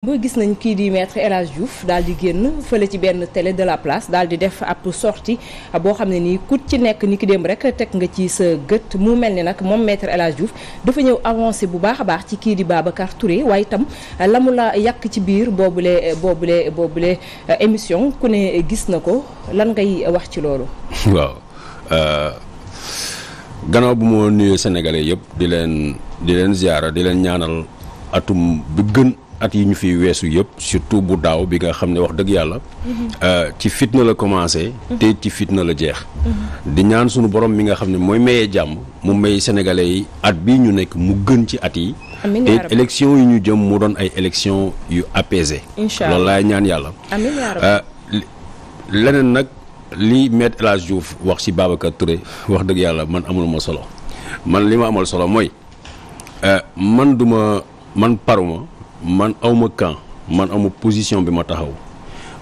ba gis nañ kii di maître El jouf Diouf di génn fële ci benn télé de la place daal di def ab sortie boo xam ne nii ku ci nekk ni ki dem rek teg nga ci sa gët mu mel ni nag moom maître El Hadj dafa ñëw avancé bu baax a baax ci kii di Babacar Touré waaye itam la mu la yàkk ci biir boobule boobule boobule euh, émission ku ne gis na ko lan ngay wax ci loolu. waaw euh, gannaaw bu ma nuyoo sénégalais yëpp di leen di leen di leen ñaanal atum bi gën. at yi ñu fi weesu yëpp surtout bu daaw bi nga xam ne wax dëgg yàlla mhm. euh, ci fitna la commencé mhm. te ci fitna la jeex mhm. di ñaan sunu borom mi nga xam ne mooy mayee jàmm mu may sénégalais yi at bii ñu nekk mu gën ci at yi te élection yi ñu jëm mu doon ay élection yu apaisé loolu laay ñaan yàlla euh, leneen nag li Maître El wax ci Babacar ture wax dëgg yàlla man amul ma solo man li ma amal solo mooy euh, man duma man paruma man awma camp man awma position bi ma taxaw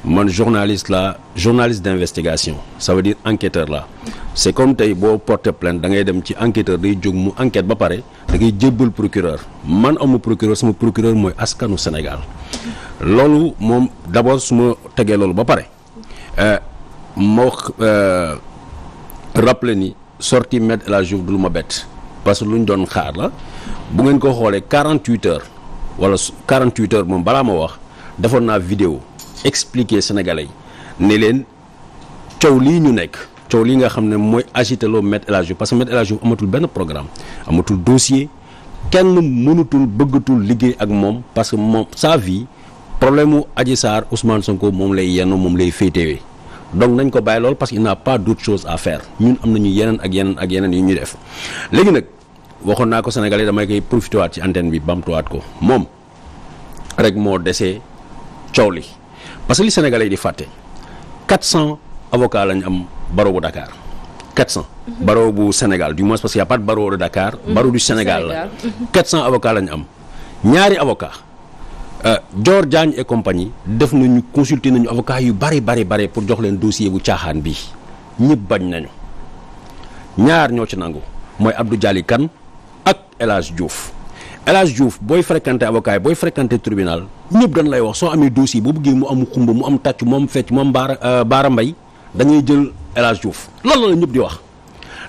man journaliste la journaliste d'investigation ça veut dire enquêteur la c'est comme tey boo porter plainte da ngay dem ci enquêteur day jóg mu enquete ba pare da ngay jébbal procureur man awma procureur suma procureur mooy askanu Sénégal loolu moom d'abord su ma tegee loolu ba pare euh, ma wax euh, rappeler ni sorti Me El la Diouf du lu ma bett parce que lu ñu doon xaar la bu ngeen ko xoolee 48 heures wala 48 heures moom balaa ma wax defoon naa vidéo expliquer sénégalais yi ne leen coow lii ñu nekk coow lii nga xam ne mooy agité loo Me El Hadji Diouf parce que Me El Hadji Diouf amatul benn programme amatul dossier kenn mënutul bëggatul liggéey ak moom parce que moom sa vie problème mu Adji Sarr Ousmane Sonko moom lay yenn moom lay féetewee donc nañ ko bàyyi lool parce qu'il n'a pas d'autre chose à faire ñun am nañu yeneen ak yeneen ak yeneen yu ñu def léegi nag. waxoon naa ko sénégalais damay koy profité waat ci antenne bi bamtuwaat ko moom rek moo desee coow li parce que li sénégalais yi di fàtte 400 avocats lañ am barreau bu Dakar 400. Mhm. baro bu Sénégal du moins parce que y' a pas de barreau Dakar. Mhm. barreau du Sénégal la 400 mhm. avocats lañ am ñaari avocats. joor euh, Diagne et compagnie def nañu consulter nañu avocat yu bari bari bari pour jox leen dossier bu caaxaan bi ñëpp bañ nañu ñaar ñoo ci nangu mooy Abdou Dialy El Hadj Diouf El Hadj Diouf booy fréquenté avocat yi booy fréquenté tribunal ñëpp dañ lay wax soo amee dossier boo bëggee mu am xumba mu am tàcc mu am fecc mu am baara euh, baara mbay dañuy jël El Hadj Diouf loolu ñëpp di wax.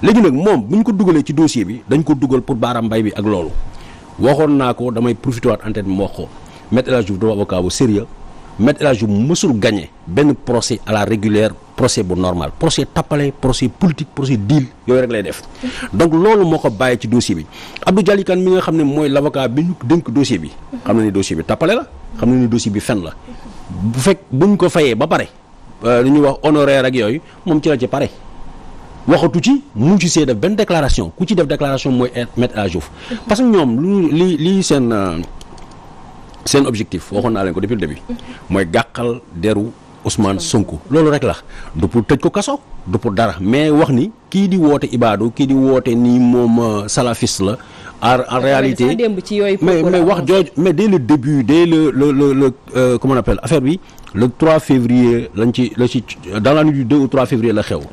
léegi nag moom buñ ko dugalee ci dossier bi dañ ko dugal pour baara mbay bi ak loolu waxoon naa ko damay profité waat antenne bi mu wax ko Me El Hadj Diouf doo sérieux Maître El Hadji Diouf mësul gagné benn procès à la régulière procès bu normal procès tappale procès politique procès deal yooyu rek lay def donc loolu moo ko bàyyi ci dossier bi Abdou Dialy Kane mi nga xam ne mooy l'avocat bi ñu dénk dossier bi xam na ni dossier bi tappale la xam na ni dossier bi fen la bu fekk buñ ko fayee ba pare euh, lu ñuy wax honoraire ak yooyu moom ci la ci pare waxatu ci mu ci see def benn déclaration ku ci def déclaration mooy Maître El Hadji parce que ñoom li seen euh, seen objectif waxoon naa leen ko depuis le mooy gàqal deru Ousmane Sonko loolu rek la du pour tëj ko kaso du pour dara mais wax ni kii di woote ibaadu kii di woote nii moom euh, salafiste la en réalité mais mais wax jooju mais dès le début dès le le le le euh, comment on appelle affaire bi le trois février lañ ci la ci dans la nuit du 2 au février la xew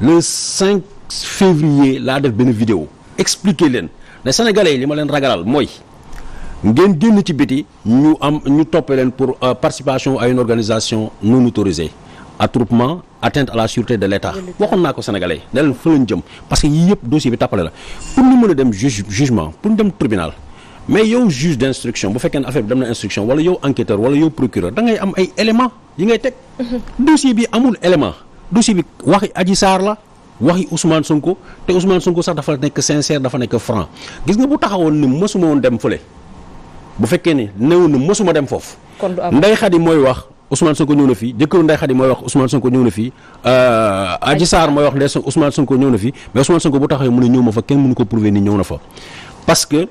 le 5 février laa def benn vidéo expliquer leen ne sénégalais yi li ma leen ragalal mooy ngeen génn ci biti ñu am ñu toppee leen pour euh, participation à une organisation non a attroupement atteinte à la sûreté de l'État waxoon naa ko sénégalais yi ne leen fa lañ jëm parce que yii yëpp dossier bi tàppale la pour ñu mën a dem juge jugement pour ñu dem tribunal mais yow juge d'instruction bu fekkee ne affaire bi dem na instruction wala yow enquêteur wala yow procureur da am ay éléments yi ngay teg mhm. dossier bi amul élément dossier bi waxi aji Sarr la waxi Ousmane Sonko te Ousmane Sonko sax dafa nekk sincère dafa nekk franc gis nga bu taxawoon ni mësuma woon dem fële bu fekkee ne new na mosuma dem foofu. kon Ndeye Khady mooy wax Ousmane Sonko ñëw na fi jëkkëru Ndeye Khady mooy wax Ousmane Sonko ñëw na fi. Euh, Adji Sarr mooy wax Ndeye Ousmane Sonko ñëw na fi mais Ousmane Sonko bu taxawee mu ne ñëw ma fa ko prouver ni ñëw na fa. parce que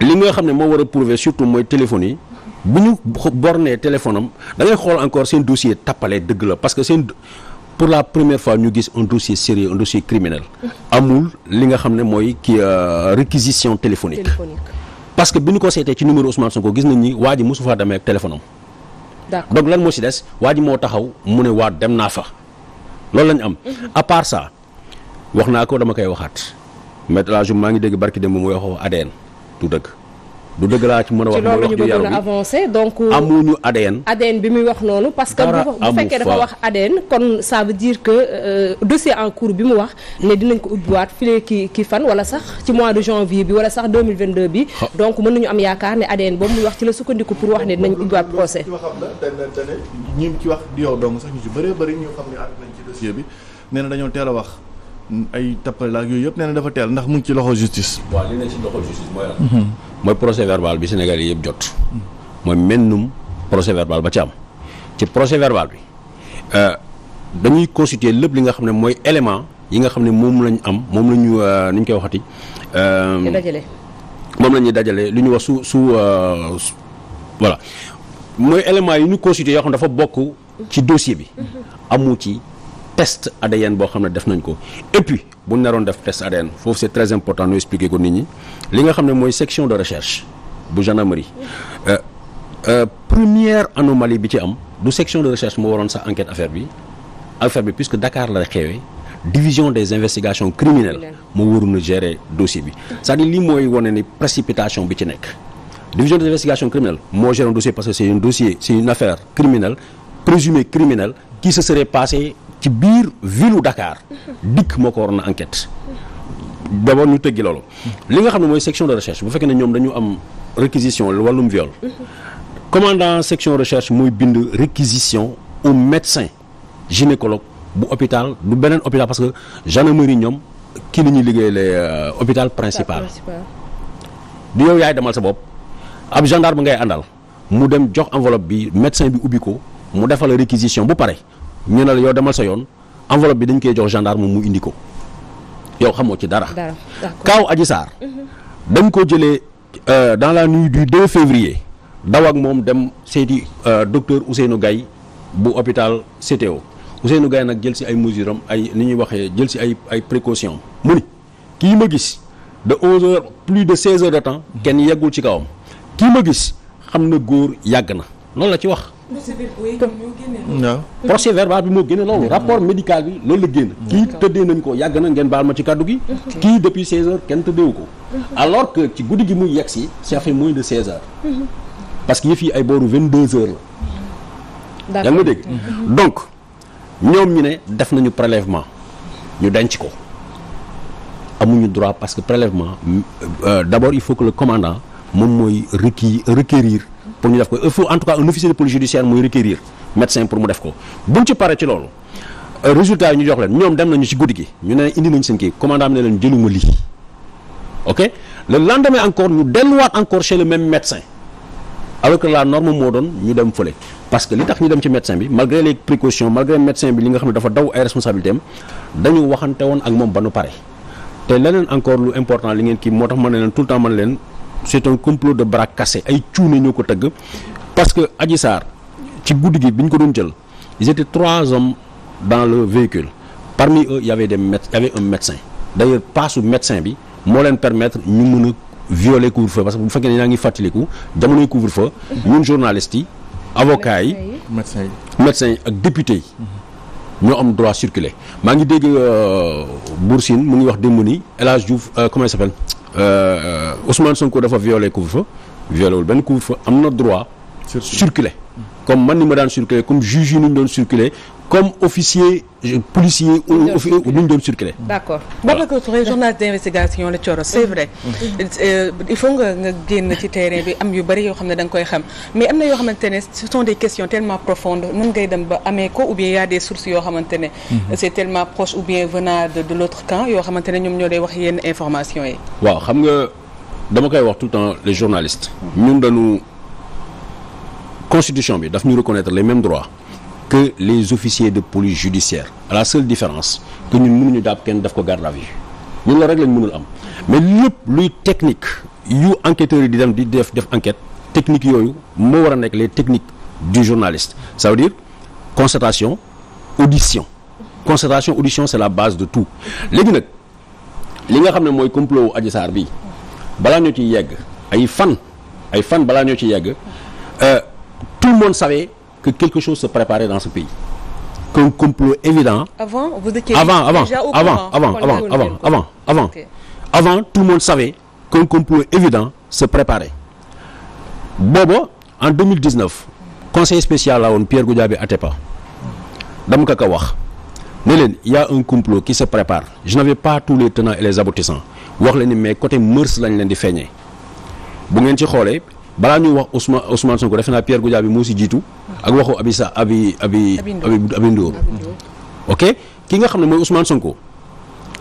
li nga xam ne moo war a prouver surtout mooy téléphone yi bu ñu bornee téléphone am da xool encore seen dossier tappale dëgg la parce que seen. pour la première fois ñu gis un dossier sérieux un dossier criminel amul li nga xam ne mooy kii euh, réquisition téléphonique. téléphonique. parce que bi ñu ko seetee ci numéro Ousmane Sonko gis nañ ni waa ji mosu faa demee ak téléphone am. d'accord lan moo si des waa ji moo taxaw mu ne waa dem naa fa. loolu lañ am. Mhm. à part wax naa ko dama koy waxaat. maître maa ngi dégg barki démb mu wax ADN du dëgg. du dëgg laa ci mën a wax. ci loolu bëgg a avancer donc. amuñu ADN. ADN bi muy wax noonu. parce que bu fekkee dafa wax ADN kon saa veut dire que euh, dossier en cours bi mu wax ne dinañ ko ubbiwaat file ki ki fan wala sax ci mois de janvier bi wala sax 2022 bi. donc mën nañu am yaakaar ne ADN boobu muy wax ci la sukkandiku pour wax ne dinañ ubbiwaat procès. loolu ci wax di yow dong sax ñu ci bëree bëri ñu xam ne ànd nañ ci dossier bi nee na dañoo teel a wax. ay tappale ak yooyu yëpp nee na dafa teel ndax mu ngi ci loxo justice. waaw li ne mooy lan. Mhm. mooy bi Sénégal yi yëpp jot. Mhm. mooy mennum procès verbal ba ci am ci procès verbal bi euh, dañuy constituer lépp li nga xam ne mooy élément yi nga xam ne moom lañ am moom la ñu euh, nu ñu koy waxati. Euh, dajale. moom la ñuy dajale lu ñu wax su su voilà mooy élément yi ñu constituer yoo xam ne dafa bokk ci dossier bi mhm. amu ci. test ADN boo xam ne def nañ ko et puis bu ñu naroon def test ADN foofu c'est très important ñu expliquer ko nit ñi li nga xam ne mooy section de recherche bu gendarmerie euh, euh, première anomalie bi ci am du section de recherche moo waroon sa enquête affaire bi affaire bi puisque Dakar la xewee division des investigations criminelles moo waroon a gérer dossier bi cest à lii mooy wane ni précipitation bi ci nekk division des investigations criminelles moo géré un dossier parce que c'est un dossier c'est une ci biir ville Dakar dikk moo ko war na enquête d'abord ñu tëggi loolu li nga xam ne mooy section de recherche bu fekkee ne ñoom dañu am réquisition wàllum viol commandant section recherche mooy bind réquisition au médecin gynécologue bu hôpital du beneen hôpital parce que gendarmerie ñoom kii la ñuy liggéeyale euh, hôpital principal du yow yaay demal sa bopp ab gendarme ngay àndal mu dem jox enveloppe bi médecin bi ubbi ko mu defal réquisition bu pare ñu ne la yow demal sa yoon enveloppe bi dañ koy jox gendarme mu indi ko yow xamoo ci dara. kaaw Adji Sarr. Mhm. dañ ko jëlee euh, dans la nuit du 2 février daw ak moom dem seeti euh, docteur Ousseynou gay bu hôpital CTO Ousseynou gay nag jël si ay mesures am ay ni ñuy waxee jël si ay ay précautions mu ni kii ma gis de 11 heures plus de 16 heures de temps kenn yeggul ci kawam kii ma gis xam na góor yàgg na loolu la ci wax. procès verbal bi moo génne loolu rapport médical bi loolu la génn kii tëddee nañ ko yàgg na ngeen baal ma ci kaddu gi kii depuis 16 heures kenn tëddeewu ko alors que ci guddi gi muy yegg si ça fait moins de 16 heures parce que yëf yi ay booru 22 heures la yaa ngi ma dégg mm-hmm. donc ñoom ñu ne def nañu prélèvement ñu denc ko amuñu droit parce que prélèvement euh, d'abord il faut que la commandant moom mooy requis requérir pour ñu def ko il faut en tout cas un officier de police judiciaire muy requérir médecin pour mu def ko buñ ci paree ci loolu euh, résultat yi ñu jox leen ñoom dem nañu ci guddi gi ñu ne indi nañ seen kii commandant bi ne leen jëluma lii ok le lendemain encore ñu delluwaat encore chez le même médecin alors que la norme moo doon ñu dem fële parce que li tax ñu dem ci médecin bi malgré les précautions malgré médecin bi li nga xam ne dafa daw ay responsabilités am waxante woon ak moom ba nu pare te leneen encore lu important li ngeen kii moo tax ma ne leen tout le c'est un complot de bras cassés ay cuune ñoo ko tëgg parce que Adji ci guddi gi bi ñu ko doon jël ils étaient trois hommes dans le véhicule parmi eux il y avait des méde il un médecin d'ailleurs paasu médecin bi moo leen permettre ñu mën a violer couvre-feu parce que bu fekkee ne yaa ngi fàttaliku jamonoy couvre-feu ñun journalistes yi avocats yi médecins yi ak députés yi ñoo am droit circuler maa ngi dégg euh, Boursine mu ngi wax démb ni El Hadj Diouf euh, comment il s'appelle Euh, Ousmane Sonko dafa violé couvre-feu violé wul benn couvre fa am na droit. circuler comme man ni ma daan circuler comme juge ju ni ñu doon circuler comme officier policier ñu doon circulé d'accord Babacar Touré journaliste d'investigation la Thioro c'est vrai euh, il faut nga nga génn ci terrain bi am yu bari yoo xam ne da nga koy xam mais am na yoo xamante ne ce sont des questions tellement profondes nun ngay dem ba amee ko ou bien y a des yoo xamante ne mhm. c'est tellement proche ou bien venant de de l'autre camp yoo xamante ne ñoom ñoo day wax yenn information yi waaw xam nga dama koy wax tout le temps les journalistes ñun dañu constitution bi daf ñu reconnaître les mêmes droits que les officiers de police judiciaire à la seule différence que ñun mënuñu daab kenn daf ko garde à vue ñun la rek lañ mënul am mais lépp luy technique yu enquêteurs yi di dem di def def enquête technique yooyu moo war a nekk les techniques du journaliste ça veut dire constatation audition constatation audition c'est la base de tout léegi nag li nga xam ne mooy complot wu Adji Sarr bii balaa ñoo ci yegg ay fan ay fan balaa ñoo ci yegg euh, tout le monde que quelque chose se préparait dans ce pays qu'un complot évident avant vous étiez avant avant avant avant avant avant avant avant okay. avant tout le monde savait qu'un complot évident se préparait booba en conseil spécial la woon Pierre Goudiaby Atepa dama ko wax ne leen y a un complot qui se prépare je n'avais pas tous les tenants et les aboutissants wax leen ni mais côté mœurs lañ leen di feeñee bu ngeen ci xoolee balaa ñuy wax Ousmane Ousmane Sonko defe naa Pierre Goudiaby bi moo si jiitu ak waxu abi sa abi abi abi Ndour ok ki nga xam ne mooy Ousmane Sonko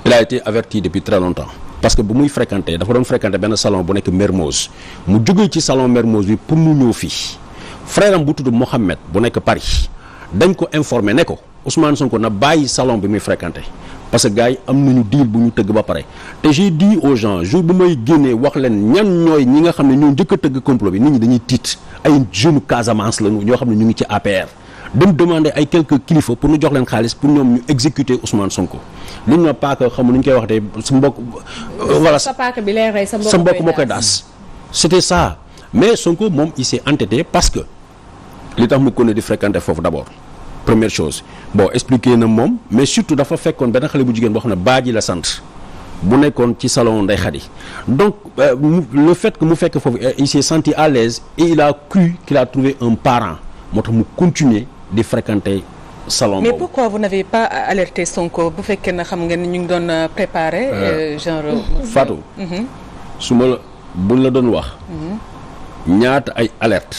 il a averti depuis très longtemps parce que bu muy fréquenté dafa doon fréquenté benn salon bu nekk Mermoz mu jógee ci salon Mermoz bi pour mu ñëw fii frère am bu tudd Mohamed bu nekk Paris dañ ko informé ne ko Ousmane Sonko na bàyyi salon bi muy fréquenté parce que gars yi am nañu deal bu ñu tëgg ba pare te j'ai dit aux gens jour bu may génne wax leen ñan ñooy ñi nga xam ne ñoo njëkk tëgg complot bi nit ñi dañuy tiit ay jeunes Casamance lañu ñoo xam ne ñu ngi ci APR dem demande ay quelques kilifa pour ñu jox leen xaalis pour ñoom ñu exécuter Ousmane Sonko li ñu na paaka xamu nu ñu koy wax tey sa mbokk euh, voilà sa mbokk moo koy daas c'était ça mais Sonko moom il s'est entêté parce que li tax mu ko ne di fréquenter foofu d'abord première chose boo expliqué na moom mais surtout dafa fekkoon benn xale bu jigéen boo xam ne Badji la sant bu nekkoon ci salon Ndeye Khady donc euh, le fait que mu fekk foofu euh, il s'est senti à l'aise et il a cru qu'il a trouvé un parent moo tax mu continuer di fréquenter salon mais pourquoi vous n'avez pas alerté bu fekkee na xam ngeen ni ñu ngi doon euh, préparer euh, genre Fatou mhm. su ma la buñ la doon wax mhm. ñaata ay alert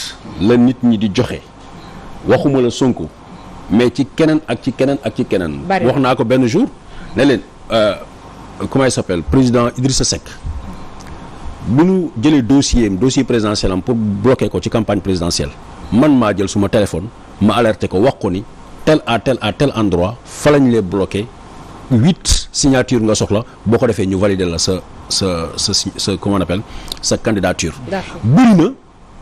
la nit ñi di joxe waxuma la Sonko mais ci keneen ak ci keneen ak ci keneen. wax naa ko benn jour ne leen euh, comment il s'appelle président sa sec bi ñu jëlee dossier am dossier présidentiel am pour bloquer ko ci campagne présidentielle man maa jël suma téléphone ma alerté ko wax ko ni tel à tel à tel endroit fa lañ lee bloqué huit signature nga soxla boo ko defee ñu valider la sa sa sa sa comment appelle sa candidature. bëri na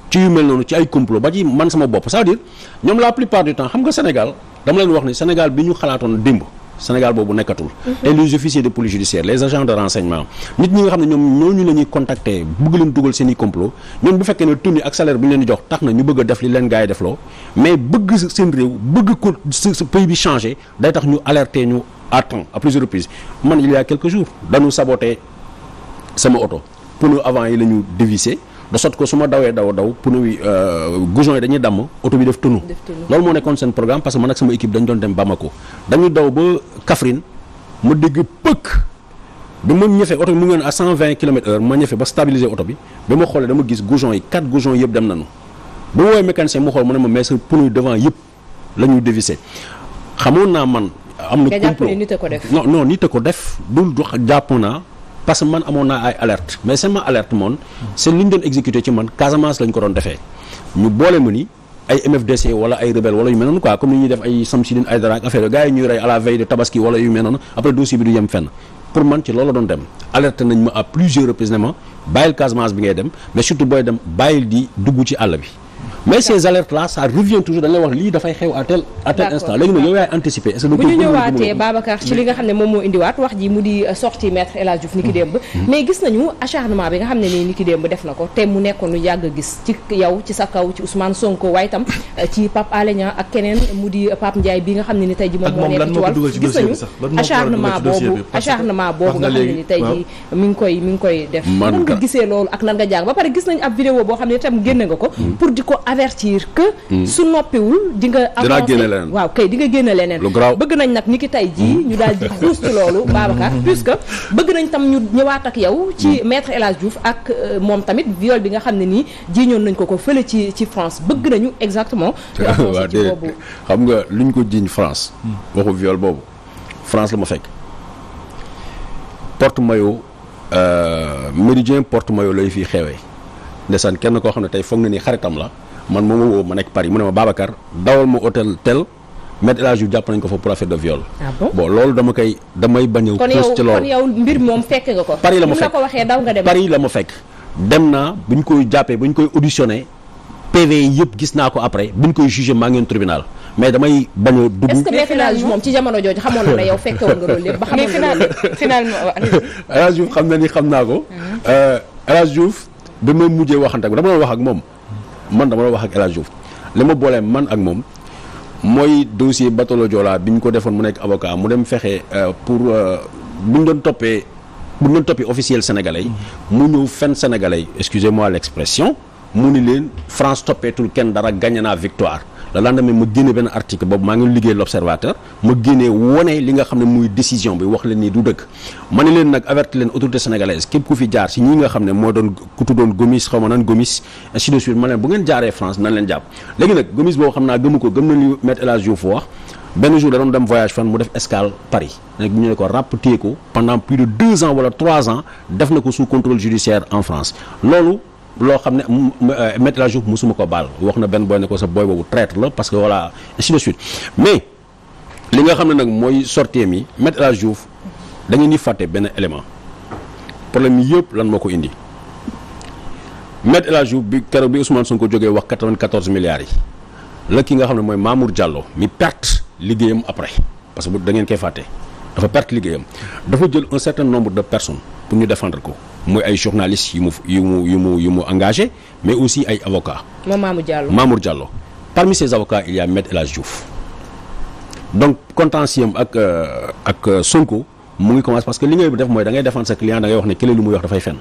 ci yu mel noonu ci ay complot ba ci man sama bopp c'est-à-dire ñoom la plupart du temps xam nga Sénégal dama leen wax ne Sénégal bi ñu xalaatoon démb Sénégal boobu nekkatul. et les officiers de police judiciaire les agents de renseignement nit ñi nga xam ne ñoom ñooñu ñu ñuy contacter bëgg leen dugal seen i complot ñoom bu fekkee ne tuni ak salaire bi ñu leen di jox tax na ñu bëgg a def li leen gars def loo mais bëgg seen réew bëgg ko sa pays bi changé day tax ñu alerter ñu à temps à plusieurs reprises man il y a quelques jours dañu sama oto pneu avant yi la ñu dévissé de sorte ko su ma dawee daw daw pneu yi euh, goujon yi dañuy damm oto bi def tunu loolu moo nekkoon seen programme parce que man ak sama équipe dañ doon dem Bamako dañu daw ba Kaffrine ma dégg pëkk bi ma ñëfee oto bi mu ngeen à 120 kilomètres heure ma ñëfee ba stabiliser oto bi bi ma xoolee dama gis goujon yi quatre goujon yëpp dem nañu ba ma woowee mécanicien mu xool mu ne ma mais sa pneu yi devant yëpp la ñuy dévissé xamoon naa man am na complot non non nit a ko def dul jàpp naa parce que man amoon naa ay alerte mais sama alerte moom c'est li ñu doon exécuté ci man Casamance lañ ko doon defee ñu boole ma ni ay MFDC wala ay rebelle wala yu mel noonu quoi comme ni ñuy def ay Samsidine ay dara ak affaire yooyu gars yi ñuy rey à la tabaski wala yu mel noonu après dossier bi du yem fenn pour man ci loolu doon dem alerte nañ ma à plusieurs reprises ne ma bàyyil Casamance bi ngay dem mais surtout booy dem bàyyil di dugg ci àll bi mais ces alertes là ça revient toujours dañ wax lii dafay xew à tel instant léegi nag yow yaay anticiper bu ñu ñëwaatee Babacar ci li nga xam ne moom moo indiwaat wax ji mu di euh, sorti maître El Hadj Diouf ni ki mm-hmm. Mm-hmm. def na ko te mu nekkoon lu yàgg a gis ci yow ci sa kaw ci Ousmane Sonko waaye itam euh, ci Pape Alé ak keneen mu di euh, Pape Ndiaye bi nga xam ne ni tey ji moom moo nekk ci wàll gis nañu acharnement boobu acharnement boobu nga xam ne ni tey ji mi ngi koy mi ngi koy def nan nga gisee loolu ak nan nga jàng ba pare gis nañu avertir que. Hmm. su noppiwul di nga. dinaa génne leneen waaw kay di nga génne leneen. lu garaaw bëgg nañ nag ni ki tey jii. Hmm. ñu daal di xuus ci loolu. Hmm. Babacar puisque bëgg nañ tam ñu ñëwaat ak yow. ci maître El Hadj ak euh, moom tamit viol bi nga xam ne nii jiiñoon nañ ko ko fële ci ci France bëgg nañu exactement. waaw xam nga luñ ko jiiñ France. waxu viol boobu France la ma fekk. port maillot euh, méridien porte maillot lay fii xewee. ndeysaan kenn koo xam ne tey foog na ni xaritam la. man moom moo woo ma nekk Paris mu ne ma Babacar dawal ma hôtel tel Maître El jàpp nañ ko fa pour affaire de viol. ah bon loolu dama koy damay bañ a. puus ci loolu mbir moom fekk nga ko. Paris la ma fekk ko waxee daw nga dem. Paris la ma fekk dem naa bu ñu koy jàppee bu ñu koy auditionné PV yëpp gis naa ko après bu ñu koy jugé maa ngi tribunal mais damay bañ dugg. est-ce mais finalement moom ci jamono jooju xamoon na ne yow fekke woon nga loolu lépp. ba xamoon na loolu lépp mais xam na ni xam naa ko. Mm-hmm. Euh, El Hadji Diouf bi ma mujjee waxante ak dama wax ak moom man dama doon wax ak El Hadj li ma boolee man ak moom mooy dossier Batolo Joola bi ñu ko defoon mu nekk avocat mu dem fexe euh, pour euh, bu ñu doon toppee bu ñu doon toppee officiel sénégalais mu ñëw fen sénégalais yi excusez-moi l'expression mu ni leen France toppeetul kenn dara gagné naa victoire le lendemain ma génne benn article boobu maa ngi liggéey l'observateur ma génnee wone li nga xam ne muy décision bi wax leen ni du dëkk ma ne leen nag averti leen autorité sénégalaise képp ku fi jaar si ñi nga xam ne moo doon ku tuddoon Gomis xaw ma nan Gomis ainsi de suite ma leen bu ngeen jaaree France na leen jàpp léegi nag Gomis boobu xam naa gëmu ko gëm na li Me El Hadji Diouf wax benn jour da doon dem voyage fan mu def escale Paris nag ñu ne ko ràpp téye ko pendant plus de deux ans wala trois def na ko sous contrôle judiciaire en France loo xam ne euh, Maître El Hadji Diouf mosuma ko baal wax na benn booy ne ko sa booy boobu traître la parce que voilà ainsi de mais li nga xam ne nag mooy sortie mi Maître El Hadji da ngeen di fàtte benn élément problème yi yëpp lan moo ko indi Maître El Hadji Diouf bi keroog bi Ousmane ko jógee wax 94 milliards yi la ki nga xam ne mooy Mamour Diallo mi perte liggéeyam après parce que da ngeen koy fàtte dafa perte liggéeyam dafa jël un certain nombre de personnes. pour ñu défendre ko mooy ay journalistes yu mu yu mu yu mu yu mu engagé mais aussi ay avocats. moom Mamour Diallo Mamour Diallo parmi ces avocats il y a Maître El Hadj Diouf donc contentieux ak euh, ak Sonko mu ngi commencé parce que li ngay def mooy da ngay sa client da wax ne kële lu muy wax dafay fenn.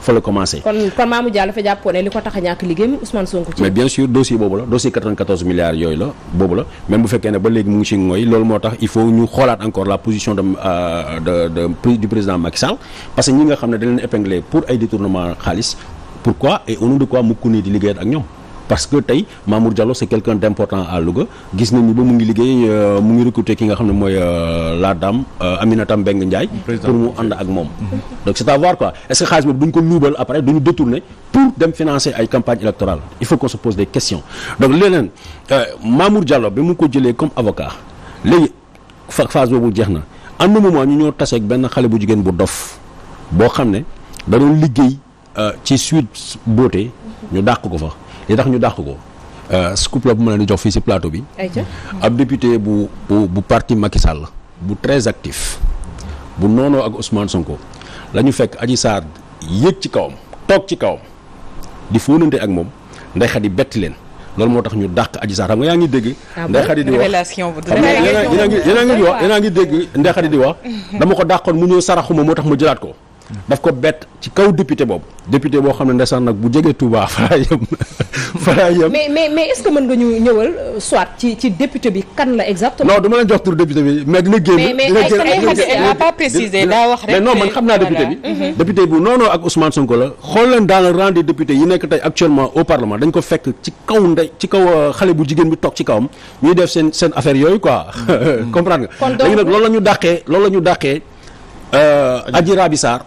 fa la commencé. kon kon Mamour Diallo dafa jàppoon ne li ko tax a ñàkk liggéeyam Ousmane Sonko ci mais bien sûr dossier boobu la dossier 94 milliards yooyu la boobu la même bu fekkee ne ba léegi mu ngi ci ngooy loolu moo tax il faut ñu xoolaat encore la position euh, du président Macky Sall parce que ñi nga xam ne dañ leen épingler pour ay détournement xaalis pourquoi et au nom quoi mu continuer di liggéeyat ak ñoom. parce que tey Mamour Diallo c'est quelqu'un d'important à Louga gis nañu ba mu ngi liggéey euh, mu ngi recruter ki nga xam ne mooy euh, la dame euh, Aminata Mbengue Ndiaye pour mu ànd e. ak moom donc c'est à voir quoi est que xaalis boobu duñ ko luubal après duñu détourner pour dem financé ay campagne électorale il faut qu'on se pose des questions donc leneen Mamour Diallo bi mu ko jëlee comme avocat léegi phase boobu jeex na en même moment ñu ñoo taseeg benn xale bu jigéen bu dof boo xam ne da doon liggéey ci suite beauté ñu dàq ko fa yi tax ñu dàq ko euh, scoop la bu ma leen di jox fii ci plateau bi. ab député bu bu parti Macky Sall bu très actif bu noonoo ak Ousmane Sonko la ñu fekk aji Sarr yéeg ci kawam toog ci kawam di fóonante ak moom nday xadi betti leen loolu moo tax ñu dàq aji Sarr xam nga yaa ngi dégg. Ah nday xadi di wax révélation bu dëgg a ngi yéen ngi di wax dégg nday xadi di wax. dama ko dàqoon mu ñëw saraxuma moo tax ma jëlaat ko. daf ko bett ci kaw député boobu. député boo xam ne ndeysaan nag bu jege Touba fara yem fara yem. mais mais mais mën nga ñu ñëwal soit ci ci député bi kan la exactement. non du ma leen jox tur député bi mais liggéey man xam naa député bi. Mhm. député bu non non ak Ousmane Sonko la. xool leen dans le rang des députés yi nekk tey actuellement au parlement dañ ko fekk ci kaw ndey ci kaw euh, xale bu jigéen bi toog ci kawam ñuy def seen affaire yooyu quoi. Mhm. comprendre nga. kon donc léegi nag loolu la ñu dàqee loolu la ñu dàqee Euh, Adji Raby Sarr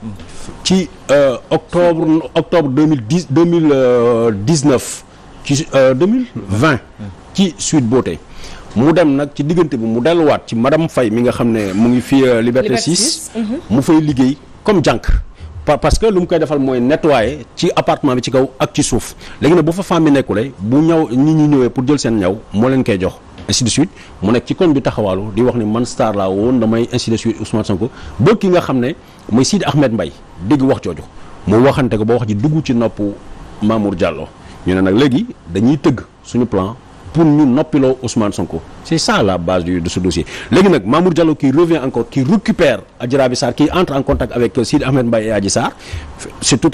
ci euh, octobre octobre deux mille dix deux mille euh, dix neuf ci deux mille vingt ci Sweet Beauté mu dem nag ci diggante bi mu delluwaat ci madame fay mi nga xam ne mu ngi fi Liberté 6 mhm. mu fay liggéey comme pa parce que lu mu koy defal mooy nettoyer ci appartement bi ci kaw ak ci suuf léegi ne bu fa femme bi nekkule bu ñaw nit ñi ñëwee pour jël seen ñaw moo leen koy jox ainsi de suite mu nekk ci koñ bi taxawaalu di wax ni man star laa woon damay ainsi de suite ñu ne nag léegi dañuy tëgg suñu plan pour ñu noppiloo Ousmane Sonko c'est ça la base de ce dossier léegi nag Mamour Diallo qui revient encore qui récupère Adji Raby Sarr qui entre en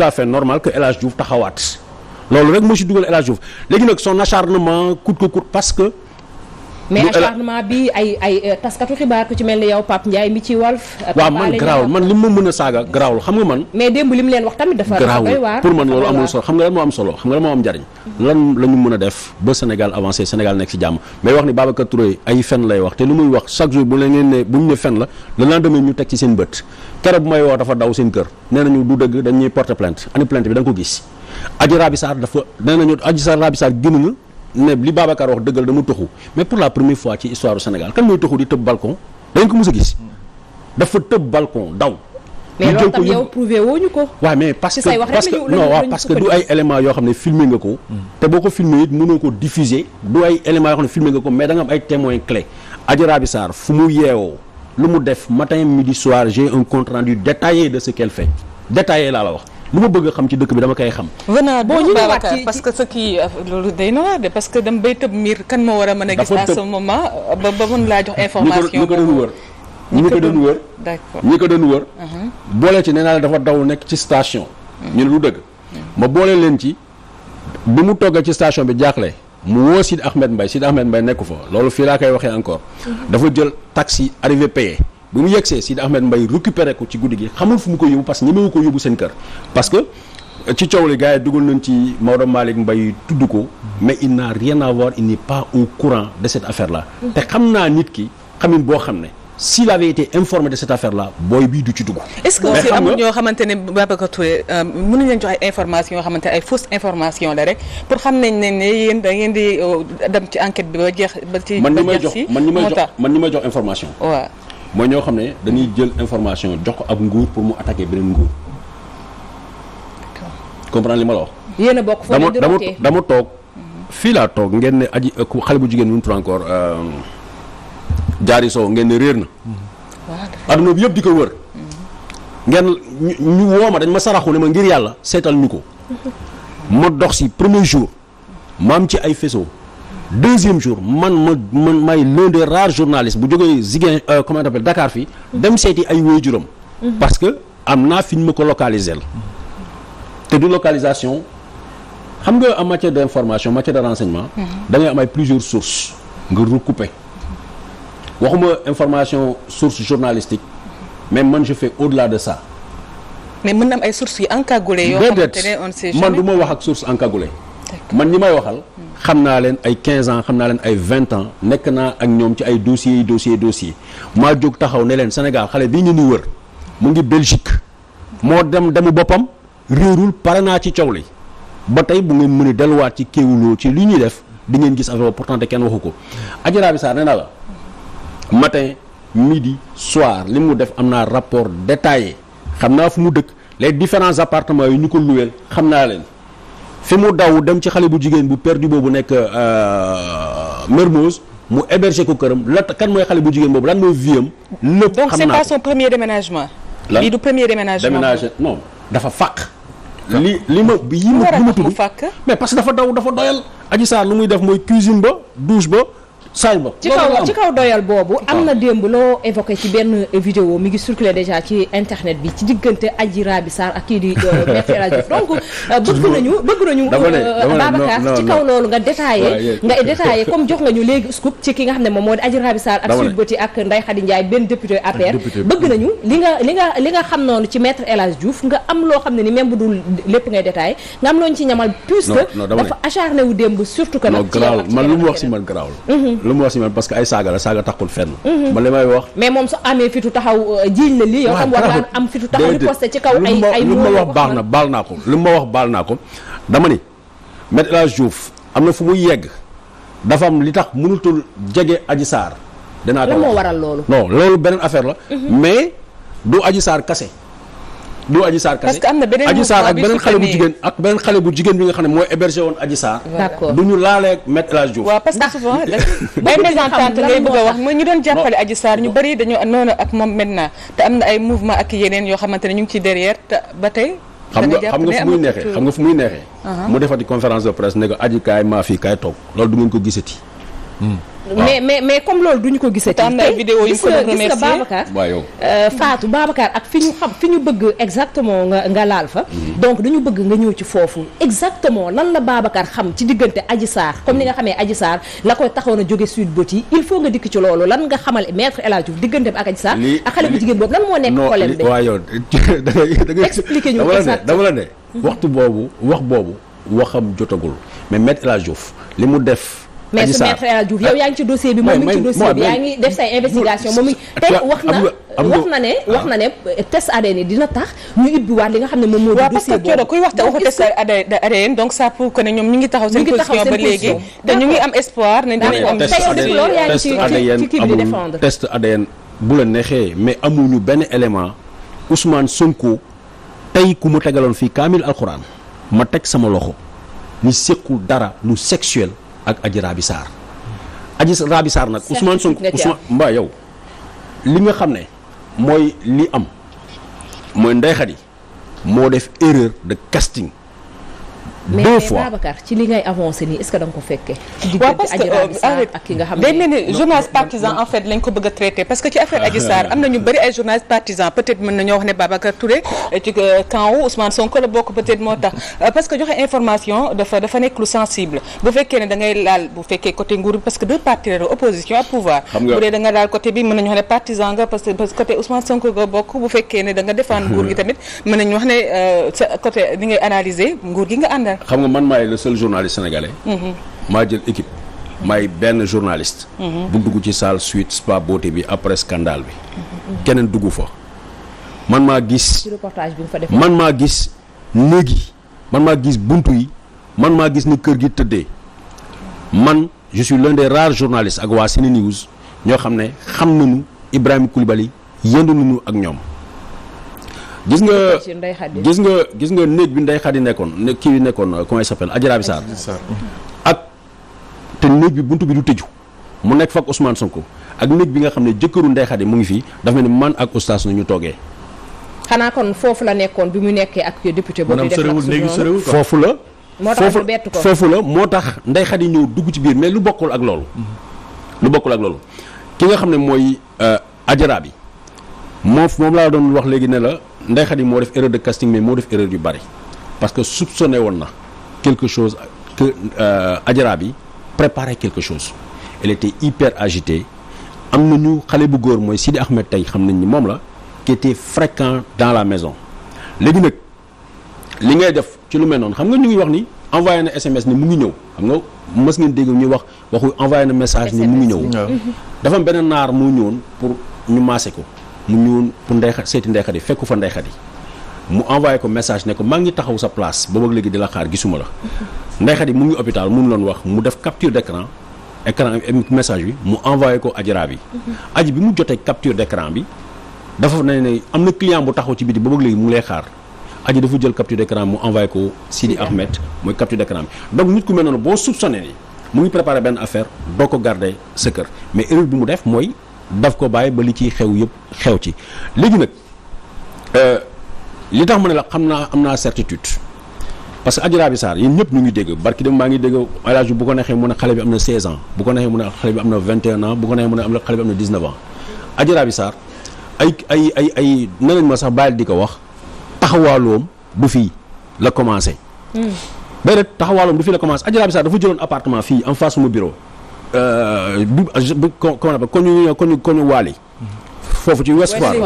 à fait normal que taxawaat loolu rek moo si dugal El Hadj Diouf léegi nag son acharnement coûte que parce que mais euh, acharnement bi ay ay euh, taskatu xibaar ku ci mel ni yow Pape Ndiaye mi ci Walf. Euh, waaw man garaawul man li ma mën a saaga garaawul xam nga man. mais démb li mu leen wax tamit dafa. garaawul pour man loolu amul solo xam nga lan moo am solo xam nga lan moo am njariñ. Mhm. lan la ñu mën a def ba Sénégal avancé Sénégal nekk ci jàmm mais wax ni Babacar Touré ay fen lay wax te lu muy wax chaque jour bu la ngeen ne bu ñu ne fen la le lendemain ñu teg ci seen bët keroog bu may wax dafa seen kër nee nañu du dëgg dañuy porter plainte ani plainte bi da nga ko gis Adji Rabi Sarr dafa nee nañu Adji Sarr Rabi Sarr ne li Babacar wax dëggal dama toxu mais pour la première fois ci histoire du Sénégal kan mooy toxu di tëb balcon dañ ko mës a gis dafa tëb balcon daw. mais loolu ko. waaw mais parce que parce que non waaw parce que du ay éléments yoo xam ne filmé nga ko. Mm. te boo ko filmé it mënoo ko diffuser du ay éléments yoo xam ne filmé nga ko mais da nga am ay témoins clés. Adji Raby Sarr fu mu yeewoo lu mu def matin midi soir j'ai un compte rendu détaillé de ce qu'elle fait la wax. lu ma bëgg xam ci dëkk bi dama koy xam. bon ñu ñëwaat ci parce que ce qui loolu euh, day na waar de parce que dama bay tëb miir kan ma war a mën a gis. à ce moment euh, ba ba mën laa jox information. ñi ko doon wër ko doon wër. boole ci nee naa la dafa daw nekk ci station. ñu ne lu dëgg. ma boole leen ci bi mu toggee ci station bi jaaxle. mu woo Sidi Ahmed Mbaye Sidi Ahmed Mbaye nekku fa loolu fii laa koy waxee encore. Mhm. dafa jël taxi arrivé payé. bi mu yegsee Sidi Ahmed Mbaye récupéré ko ci guddi gi xamul fu mu ko yóbbu parce que ñemewu ko yóbbu seen kër parce que euh, ci coow li gars yi dugal nañ ci Maodo Malick Mbaye tudd ko mais il n'a rien à voir il n'est pas au courant de cette affaire là mm-hmm. te xam naa nit ki xamin boo xam ne si avait été informé de cette affaire là booy bii du ci dugg. est-ce que aussi amul ñoo xamante ne Babacar Touré euh, mënuñ leen jox ay informations yoo xamante ay fausses informations la rek pour xam ne ne yéen ngeen di euh, dem ci enquête bi ba jeex. ba ci ba jeex man ñi may jox man ñi may jox information. mooy ñoo xam ne dañuy jël information jox ak nguur pour mu attaquer beneen nguur. comprendre li ma la wax. yéen a bokk foo dama toog. fii laa toog ngeen ne aji xale bu jigéen mu tudd encore jaari euh, sow ngeen ne réer na. adduna bi yëpp di ko wër. ngeen ñu woo ma dañ ma saraxu ne ma ngir yàlla seetal ñu ko. ma dox si premier jour ma am ci ay faisceau. deuxième jour man ma man may l'un des rares journalistes bu jógee Ziguin euh, comment on appelle Dakar fii dem seeti ay waajuram parce que am naa fi ñu ma ko localiser la te du localisation xam nga en matière d'information matière de renseignement mhm. da am ay plusieurs sources nga recouper waxuma information source journalistique mais man je fais au-delà de ça mais na am ay sources yu encagoulées yoo xamante man du ma wax ak source encagoulée man ñi may waxal xam naa leen ay 15 ans xam naa leen ay vingt ans nekk naa ak ñoom ci ay dossiers yi dossiers dossiers maa jóg taxaw ne leen Sénégal xale bii ñu nuy wër mu ngi Belgique moo dem demu boppam réerul pare naa ci coow li ba tey bu ngeen mën a delluwaat ci kéwuloo ci li ñuy def di ngeen gis affaire pourtant kenn waxu ko Adji Raby Sarr nee naa la matin midi soir li mu def am naa rapport détaillé xam naa fu mu dëkk les différents appartements yi ñu ko luweel xam naa leen fi mu daw dem ci xale bu jigéen bu perdu boobu nekk euh, Mermoz mu héberger ko këram la kan mooy xale bu jigéen boobu lan mooy viam lépp xam naa ko donc c'est pas son premier déménagement. lan lii du premier déménagement dafa fàq. li li ma yi ma li ma tudd mais parce que dafa daw dafa doyal. Adji Sarr lu muy def mooy cuisine ba douche ba. Sañba ci kaw doyal boobu. am na démb loo évoqué ci benn vidéo mi ngi circulé déjà ci internet bi ci diggante Adji Rabi Sarr ak kii di euh, Maître El Hadji Diouf donc. Euh, bëgg nañu bëgg nañu. Euh, Babacar ci kaw loolu nga détaillé. nga détaillé comme jox nga ñu léegi scoop ci ki nga xam ne moom moo di Adji Rabi Sarr. ak Sweet Beauty ak Ndeye Khady Ndiaye benn député APR. bëgg nañu li nga li nga li nga xam noonu ci Maître El Hadji Diouf nga am loo xam ne ni même bu dul lépp ngay détaillé nga am loo ñu ci ñamal. non non dama ne puisque dafa acharné wu démb surtout que nag. ci lu mu wax si man parce que ay saaga la saaga taxul fenn mhm. man li may wax mais moom su amee fitu taxaw euh, jiiñ la lii yow xam war nga am fitu taxaw wax baax na baal naa ko lu ma wax baal ko dama ni Maître El am na fu muy yegg dafa am li tax mënutul jege Adji Sarr danaa lan moo waral loolu non loolu beneen affaire la mhm. mais du Adji saar kase du Adji Sarr kese Adji Sarr ak beneen xale bu jigéen ak beneen xale bu jigéen bi nga xam ne mooy hébergé woon Adji Sarr du ñu laaleeg Maître El Hadji Diouf waaw parce souvent bay mésentente a wax ñu doon jàppale Adji Sarr ñu bëri dañoo noonu ak moom maintenant te am na ay mouvement ak yeneen yoo xamante ne ñu ngi ci derrière te ba tey xam nga xam nga fu muy neexee xam nga fu muy neexee mu defati conférence de presse ne ko Adji kaay maa fii loolu du ngeen ko gisati mais mais mais comme loolu duñu ko gisati. tey gis nga gis nga Babacar. Euh, Fatou Babacar ak fi ñu xam fi ñu bëgg exactement nga nga laal fa. Mhm. donc dañu bëgg nga ñëw ci foofu. exactement lan la Babacar xam ci diggante Adji Sarr comme ni nga xamee Adji Sarr la koy taxoon a jóge Sweet yi il faut nga dikk ci loolu lan nga xamal maître El Hadj Diouf digganteem ak Adji Sarr. ak xale bu jigéen boobu lan moo nekk problème bi. expliqué ñu exactement boobu wax boobu waxam jotagul mais maître El Hadj li mu def. mais su maître El Hadj Diouf yaa ngi ci dossier wax na wax na test ADN dina tax ñu ubbiwaat li nga xam ne moom moo di wax te waxu test ADN donc ça prouve que ne ñoom ñu ngi taxaw seen position ba léegi te ñu am espoir ne dinañ am tey yow def loolu yaa bu la neexee mais amuñu benn élément Ousmane Sonko tey ku mu tegaloon fii kaamil alxuraan ma teg sama loxo ñu séqul dara lu sexuel ak Adji Raby Sarr Adji Raby Sarr nag Ousmane Sonko Ousmane mbaa yow li nga xam ne mooy li am mooy Ndeye yi moo def erreur de casting mais Babacar ci li ngay avancé nii est-ce que da nga ko fekkee. waaw euh, lañ ko bëgg a traité parce que ci affaire Adji Sarr am na ñu bëri ay journaliste partisan peut-être nañoo wax ne Babacar Touré euh, ci euh, camp wu Ousmane Sonko la bokk peut moo tax parce que joxe information dafa nekk lu sensible bu fekkee ne da laal bu fekkee côté nguur bi parce que deux partis opposition ak pouvoir. bu dee da nga laal bi mën nañu wax ne partisan nga parce que côté xam nga man maay le seul journaliste sénégalais. Mhm. maa jël équipe. maay benn journaliste. Mhm. bu dugg ci salle suite spa beauté bi après scandale bi. keneen dugg fa. man maa gis reportage bi man maa gis léegi man maa gis buntu yi man maa gis ni kër gi tëddee man je suis l'un des rares ak waa Sene ñoo xam ne xam nañu Ibrahima Koulibaly yendu nañu ak ñoom. gis nga gis nga gis nga néeg bi Ndeye Khady nekkoon ne kii bi nekkoon euh, comment il s'appelle Adji Raby ak te néeg bi buntu bi du tëju mu nekk fa ak Ousmane Sonko ak néeg bi nga xam ne jëkkëru Ndeye Khady mu ngi fii dafa mel man ak oustaz nu ñu toogee xanaa kon foofu la nekkoon bi mu nekkee ak député boobu def foofu la moo tax mu ko foofu la moo tax Ndeye Khady ñëw dugg ci biir mais lu bokkul ak loolu mhm. lu bokkul ak loolu ki nga xam ne mooy euh, Adji Raby moom moom laa doon wax léegi ne la Ndeye Khady moo def erreur de casting mais moo def erreur yu bari parce que soupçonné woon na quelque chose que euh, Adjara bi préparait quelque chose elle était hyper agité am na ñu xale bu góor mooy Sidi Ahmed tey xam nañ ni moom la qui était fréquent dans la maison léegi nag li ngay def ci lu mel noonu xam nga ñu ngi wax ni envoyé na SMS ni mu ngi ñëw xam nga mës ngeen dégg ñuy wax waxu envoyé na message ni mu ngi ñëw dafa am benn naar ñëwoon pour ñu maase ko mu ñëwoon pour ndey seeti ndeyxat yi fekku fa ndeyxat yi mu envoyé ko message ne ko maa ngi taxaw sa place booba ak léegi di la xaar gisuma la ndeyxat yi mu ngi hôpital mënu loon wax mu def capture d'écran écran message bi mu envoyé ko Adjara bi mm-hmm. aji bi mu jotee capture d'écran bi dafa ne ne am na client bu taxaw ci biti booba ak léegi mu lay xaar aji dafa jël capture d'écran mu envoyé ko Sidi Ahmed mooy capture d'écran bi donc nit ku mel noonu boo soupçonné ni mu ngi préparé benn affaire doo ko garder sa kër mais erreur bi mu def mooy daf ko bàyyi ba li ciy xew yëpp xew ci léegi nag euh, li tax ma ne la xam naa am na certitude parce que Adji Raby Sarr yéen ñëpp ñu ngi dégg barki dem maa ngi dégg El Hadj bu ko neexee mu ne xale bi am na 16 ans bu ko neexee mu ne xale bi am na 21 ans bu ko neexee mu ay ay ay ay ne ma sax bàyyil di ko wax taxawaaloom du fii la commencé. mais hmm. nag taxawaaloom du fii la commencé Adji Raby dafa jëloon appartement fii en face mu bureau. Euh, bi comment on appelle ko koñu waali foofu ci Ouest Foire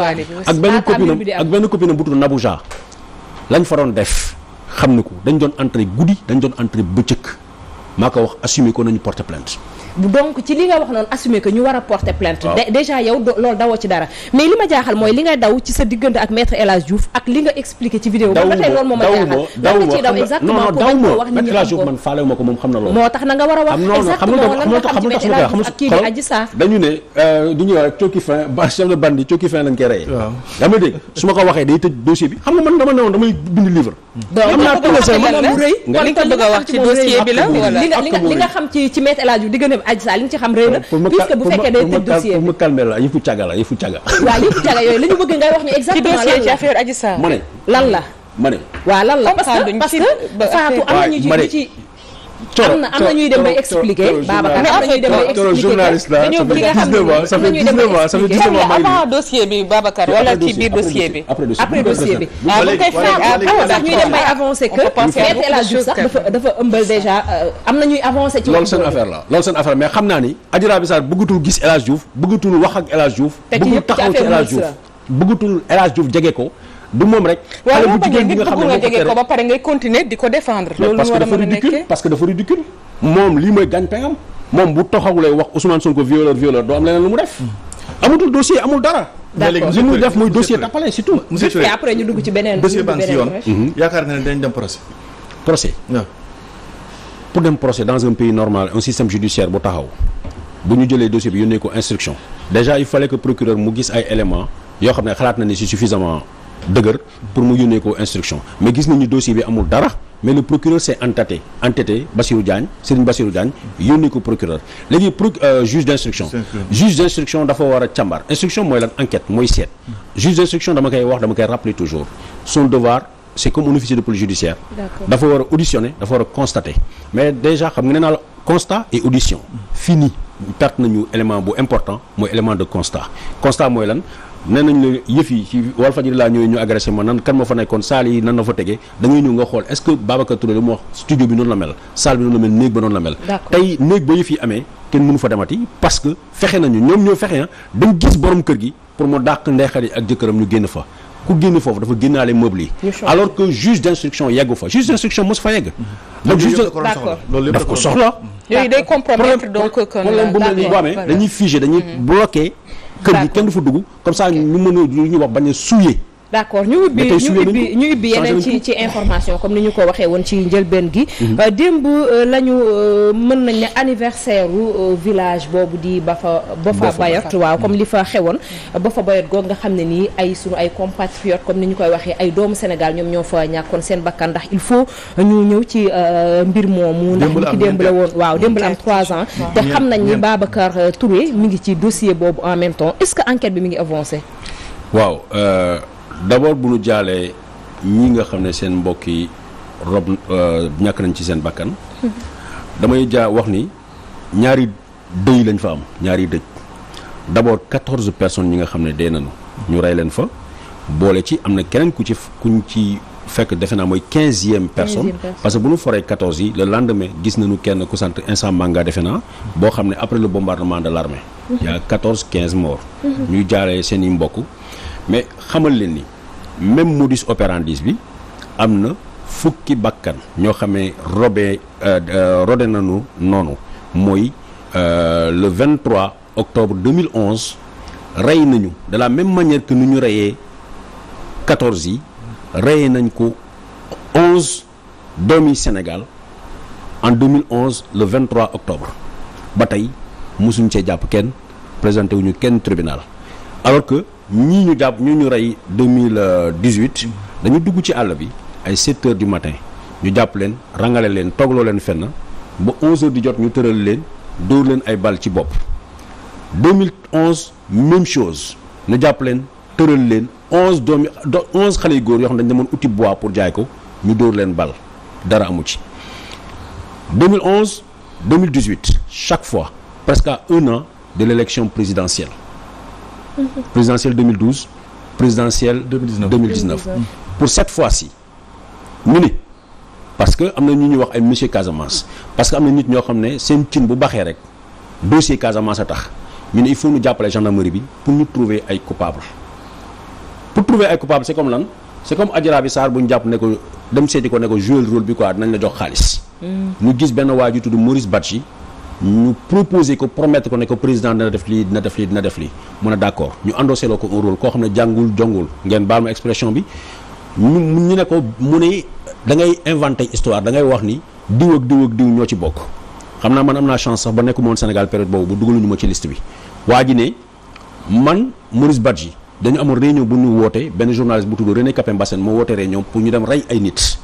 ak benn copinam ak benn copinam bu tudd Nabouja lañ fa doon def xam ni ko dañ doon entrée guddi dañ doon entrée bëccëg maa ko wax assumer ko nañu porter plainte donc ci li nga wax noonu assumer que ñu war a porter plainte déjà yow loolu dawoo ci dara mais li ma jaaxal mooy li nga daw ci sa diggante ak maître El ak li nga expliqué ci vidéo ba tey loolu moom ma jaaxal daw moo tax na nga war a wax exactement nga xam ci maître El ne euh, du ñuy wax rek cooki ko waxee nga a wax ci dossier bi la li nga li nga xam ci ci maître El Hadj Diouf diggante Adji ci xam rëy na. bu fekkee day tëj dossier bi pour ma calmer la yëfu caga la yëfu caga. waaw yëfu caga yooyu la ñu ngay wax ñu exactement lan la ci dossier lan la ma ne. waaw lan la parce que ci am na am na ñuy dem bay expliquer Babacar am na ñuy dem bay expliquer ñoom ki nga xam ne ça fait 19 mois ça fait 19 mois avant dossier bi Babacar wala ci biir dossier bi après dossier bi ah, bu koy faaw sax ñuy dem bay avancer que Maître El Hadj Diouf sax dafa dafa ëmbal déjà euh, am na ñuy avancer ci loolu seen affaire la loolu seen affaire mais xam naa ni Adji Raby Sarr bëggatul gis El Hadj Diouf bëggatul wax ak El Hadj Diouf bëggatul taxaw ci El Hadj Diouf bëggatul El Hadj Diouf jege ko du moom rek. xale bu jigéen bi nga xam ne nga jege ko ba pare ngay continuer di ko défendre. loolu parce que dafa ridicule parce que dafa ridicule moom lii mooy gagne-pain moom bu taxaw lay wax Ousmane Sonko violeur violeur doo am leneen lu mu def. amatul dossier amul dara. d'accord li muy def mooy dossier tapale surtout. monsieur Touré après ñu dugg ci beneen. dossier baa ngi si yoon yaakaar nga ne dañ dem procès. procès pour dem procès dans un pays normal un système judiciaire bu taxaw bu ñu jëlee dossier bi yónnee ko instruction déjà il fallait mu gis ay éléments yoo xam ne xalaat na ni si suffisamment dëgër pour mu yónnee ko instruction mais gis nañu dossier bi amul dara mais le procureur s'est entêté entêté Bassirou Diagne Serigne Bassirou Diagne yónnee ko procureur léegi pro euh, juge d'instruction juge d'instruction dafa war a càmbar instruction mooy lan enquête mooy seet juge d'instruction dama koy wax dama koy rappeler toujours son devoir c'est comme un officier de police judiciaire dafa war a auditionner dafa war a constater mais déjà xam nga nee naa la constat et audition fini perte nañu élément bu important mooy élément de constat constat mooy lan neen nañ la yëf yi ci Walfadjri laa ñëwee ñu agressé ma nan kan ma fa nekkoon salle yi nan na fa tegee da ñëw nga xool est-ce que Babacar Touré li mu wax studio bi noonu la mel salle bi noonu la mel néeg ba noonu la mel tey néeg ba yëf yi amee kenn mënu fa demati parce que fexe nañu ñoom ñoo fexe ah dañ gis borom kër gi pour mu dàq ndeexari ak jëkkëram ñu génn fa ku génn foofu dafa génnaale meuble yi alors que juge d'instruction yeggu mm-hmm. ko soxla yooyu kër gi kenn du fa dugg comme ça ñu mën a ñu wax bañ a d' accord ñu ubbi ñu ubbi ñu ubbi yeneen ci ci information comme ni ñu ko waxee woon ci njëlbeen gi. Mhm. Euh, démb euh, la ñu euh, mën nañ ne anniversaire ru village boobu di ba fa Bofa Bayot waaw comme mhm. li fa xewoon Bofa Bayot googu nga xam ne nii ay sunu ay compatriotes comme ni ñu koy waxee ay doomu Sénégal ñoom ñoo fa ñàkkoon seen bakkan ndax il faut ñu ñëw ci mbir moomu. ndax li ki démb la woon waaw démb la am 3 ans. te xam nañ ni Babacar Touré mi ngi ci dossier boobu en même temps est ce que enquête bi mi ngi avancé. d'abord bu nu jaalee ñi nga xam ne seen mbokk yi rob euh, ñàkk nañ ci seen bakkan mm-hmm. damay jaa wax ni ñaari dëj lañ fa am ñaari dëj d'abord quatorze personnes ñi nga xam ne dee nañu ñu rey leen fa boole ci am na keneen ku ci kuñ ci fekk defe naa mooy quinzième personne parce que bu ñu foree quatorze yi le lendemain gis nañu kenn ku sant instant manga defe naa boo xam ne après le bombardement de l'armée mm-hmm. il quatorze quinze morts mm-hmm. ñu jaalee seen i mbokk mais xamal leen ni même modus operandi bi am na fukki bakkan ñoo xamee robee euh, euh, rode nañu noonu mooy euh, le 23 octobre 2011 rey nañu de la même manière que nu ñu reyee 14 yi reyee nañ ko 11 doomi Sénégal en 2011 le 23 octobre ba tey mosuñ cee jàpp kenn présenté ñu kenn tribunal ñii ñu jàpp ñu ñu rey 2018 euh, dañu dugg ci àll bi ay 7 heures du matin ñu jàpp leen rangale leen toogloo leen fenn ba 11 di jot ñu tëral leen dóor leen ay bal ci bopp 2011 même chose ñu jàpp leen tëral leen 11 doomi 11 xale yu góor yoo xam ne dañu demoon uti bois pour jaay ko ñu dóor leen bal dara amu ci 2011 2018 chaque fois presque à un an de l'élection présidentielle présidentielle 2012 présidentielle 2019 2019 pour cette fois si mu ne parce que am na ñu ñuy wax ay mosieur Casamance parce que am na nit ñoo xam ne seen cin bu baxee rek dossier Casamance a tax ñu ne il faut ñu jàppale gendarmerie bi pour ñu trouver ay coupable pour trouver ay coupable c'est comme lan c'est comme Adji Raby Sarr bu ñu jàpp ne ko dem seeti ko ne ko jouer rôle bi quoi dinañ la jox xaalis mm. ñu gis benn waa ju tudd Maurice Badji ñu proposé ko promettre ko ne ko président dina def lii dina def lii dina def lii mu ne d'accord ñu endossé loo ko un rôle koo xam ne jàngul jongul ngeen baal ma expression bi ñu ñu ne ko mu ne da ngay inventé histoire da ngay wax ni diw ak diw ak diw ñoo ci bokk xam naa man am naa chance sax ba nekkuma moon Sénégal période boobu bu dugaluñu ma ci liste bi waa ji ne man Maurice Badji dañu amoon réunion bu ñu woote benn journaliste bu tudd René Capain moo woote réunion pour ñu dem rey ay nit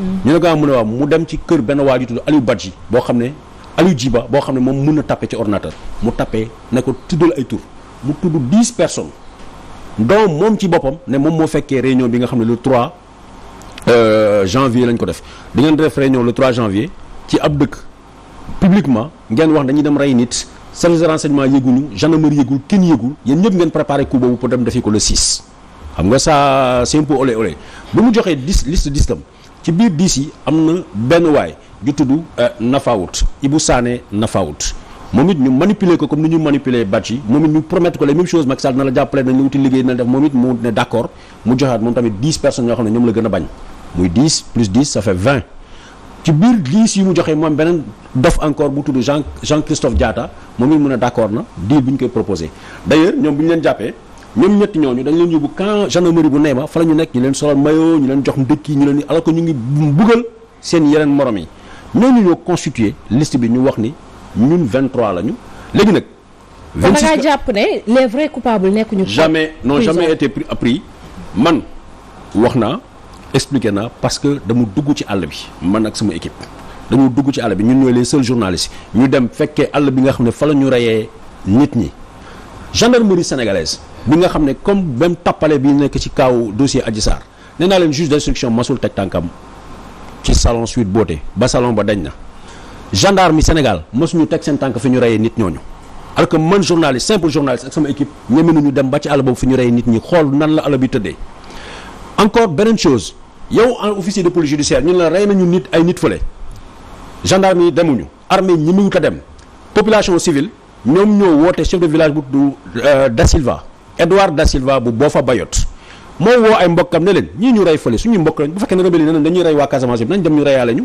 hmm. ñu ne ko ah, mu ne mu dem ci kër benn waa ji tudd Aliou Badji boo xam ne Aliou Djiba boo xam ne moom mën na tappe ci ordinateur mu tappee ne ko tuddal ay tur mu tudd dix personnes donc moom ci boppam ne moom moo fekkee réunion bi nga xam ne le 3 euh, janvier lañ ko def di ngeen def réunion le 3 janvier ci ab dëkk publiquement ngeen wax dañuy dem rey nit service de renseignement yëguñu gendarmerie yëgul kenn yëgul yéen ñëpp ngeen préparé coup boobu pour dem defi ko le 6 xam nga ça c'est un peu olé mu joxee 10 liste 10 ci biir 10 yi am na benn waay ju tudd euh, Nafawut Ibou Sané Nafawut moom it ñu manipuler ko comme ni ñu manipuler Badji moom it ñu promettre ko les mêmes choses Macky Sall na la jàppale nañ la wuti liggéey na def moom it mu ne d'accord mu joxaat moom tamit 10 personnes yoo xam ne ñoom la gën a bañ muy 10 plus 10 ça fait 20 ci biir 10 yu mu joxee moom beneen dof encore bu tudd Jean Jean Christophe Diatta moom it mu ne d'accord na deal bi ñu koy proposé d'ailleurs ñoom ñu leen jàppee ñoom ñetti ñooñu dañ ñu nekk ñu leen solal maillot ñu leen jox ndëkki ñu leen alors que ñu ngi yi ñooñu ñoo constitué liste bi ñu wax ni ñun 23 la ñu léegi nag. 26 kon jàpp ne les vrais coupables nekkuñu. jamais non jamais été pris appris man wax naa expliqué naa parce que dama dugg ci àll bi man ak sama équipe. dañu dugg ci àll bi ñun ñooy les seuls journalistes ñu dem fekkee àll bi nga xam ne fa la ñu reyee nit ñi gendarmerie sénégalaise bi nga xam ne comme même tappale bi nekk ci kaw dossier Adji Sarr nee naa leen juge d'instruction masul teg tànkam ci salon suite beauté ba salon ba dañ na gendarme yi Sénégal mosuñu teg seen tànk fi ñu reyee nit ñooñu alors que man journaliste simple journaliste ak sama équipe ñeme ñu dem ba ci àll boobu fi ñu reyee nit ñi xool nan la àll bi tëddee encore beneen chose yow en officier de police judiciaire ñun la rey nañu nit ay nit fële gendarme yi demuñu armée ñi muñu ko dem population civile ñoom ñoo woote chef de village bu euh, Da Silva Edouard Da Silva bu fa Bayotte moo woo ay mbokkam ne leen ñii ñu rey fële suñu mbokk lañ bu fekkee ne rebelle yi ne dañuy rey waa Casamance yëpp nañ dem ñu reyaale ñu